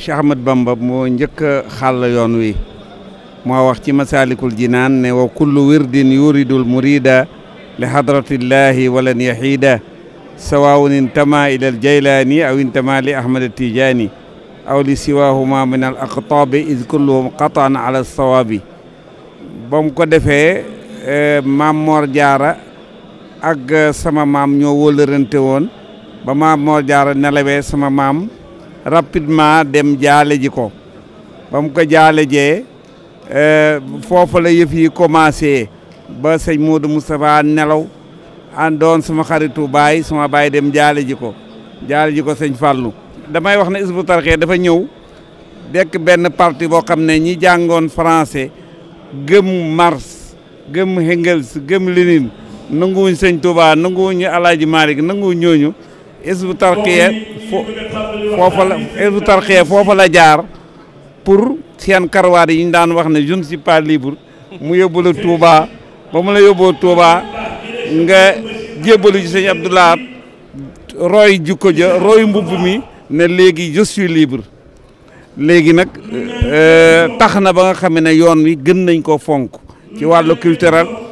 Cheikh Ahmad Bamba moo njëkk a xàll yoon wi moo wax ci masaalikul jinaan ne wa kullu wirdin yuridul murida li hadratillahi walan yahiida sawaawun intama ila aljaylaani aw intama li ahmad tijaani aw li siwahuma min al aqtaabi id kulluhum qataan ala sawaabi ba mu ko defee e, maam Moor Jaara ak e, sama maam ñoo wóllërante woon ba maam Moor Jaara nelawee sama maam rapidement dem jaale ji ko ba mu ko jaale jee eh, foofu la yëf yi commencé ba sëñ Modou Moustapha nelaw an doon sama xaritu baay suma baay dem jaale ji ko jaale ji ko sëñ Fallou damay wax ne Hizbut Tarqiyyah dafa ñëw dekk benn parti boo xam ne ñi jàngoon français gëm Marx gëm Engels gëm Lénine nanguwuñ sëñ Touba nanguwuñu El Hadj Malick nanguwuñ ñooñu Hizbut Tarqiyyah fo foofa la Hizbut Tarqiyyah foofa la jaar pour seen karwaar yi ñu daan wax ne je ne suis pas libre mu yóbbu la Touba ba mu la yóbboo Touba nga jébbalu ci sëñ Abdoulaat roy jukko ja roy mbubb mi ne léegi je libre léegi nag euh, tax na ba nga xamee ne yoon wi gën nañ koo fonk ci wàll culturel